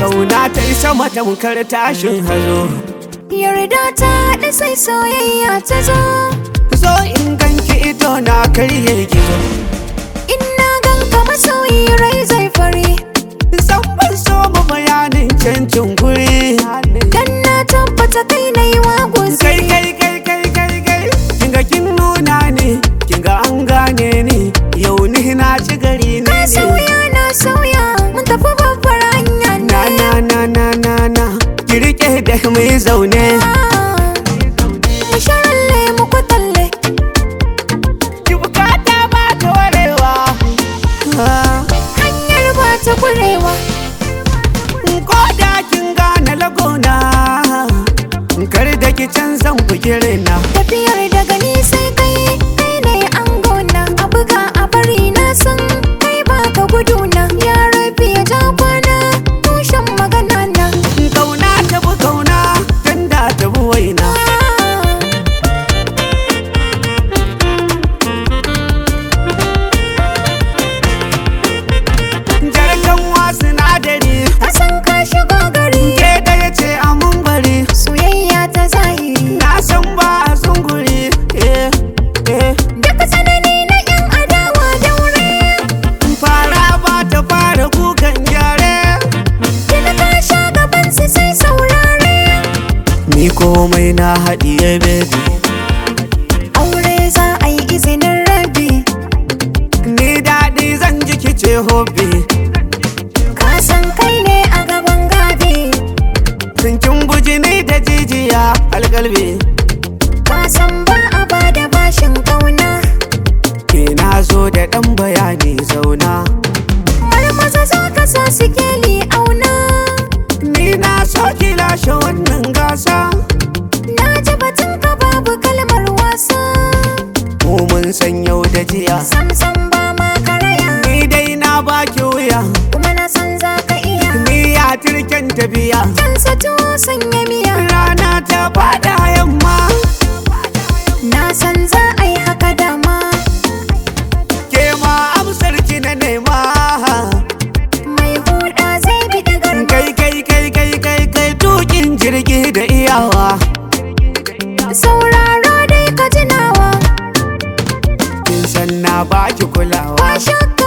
kauna ta yi sama tamkar tashin hazo yarda ta haɗa sai soyayya ta zo zo in ganki ido na karye gizo in na kama soyi rai zai fari zan ban so mu bayanin cancin zaune Nisharar lemu kwatalle Ki bukata ba ta warewa Hanyar ba ta kurewa Koda kin gane lagona Kar da ki canzan fikirina Ni komai na haɗiye baby Aure za a yi izinin rabi Ni daɗi zan ji kice hobi Ka san kai ne a gaban gadi Sinkin buji ne da jijiya algalbi Ka san ba a ba da bashin kauna Ke na zo da ɗan bayani zauna Har maza za ka sa su keli ki lashe wannan gasa na ji batun ka babu kalmar wasa mu mun san yau da jiya sam sam ba ma karaya ni dai na baki wuya kuma na san za ka iya ni ya turken tafiya can tuwo sanya miya rana ta fada yamma na san za apaixonada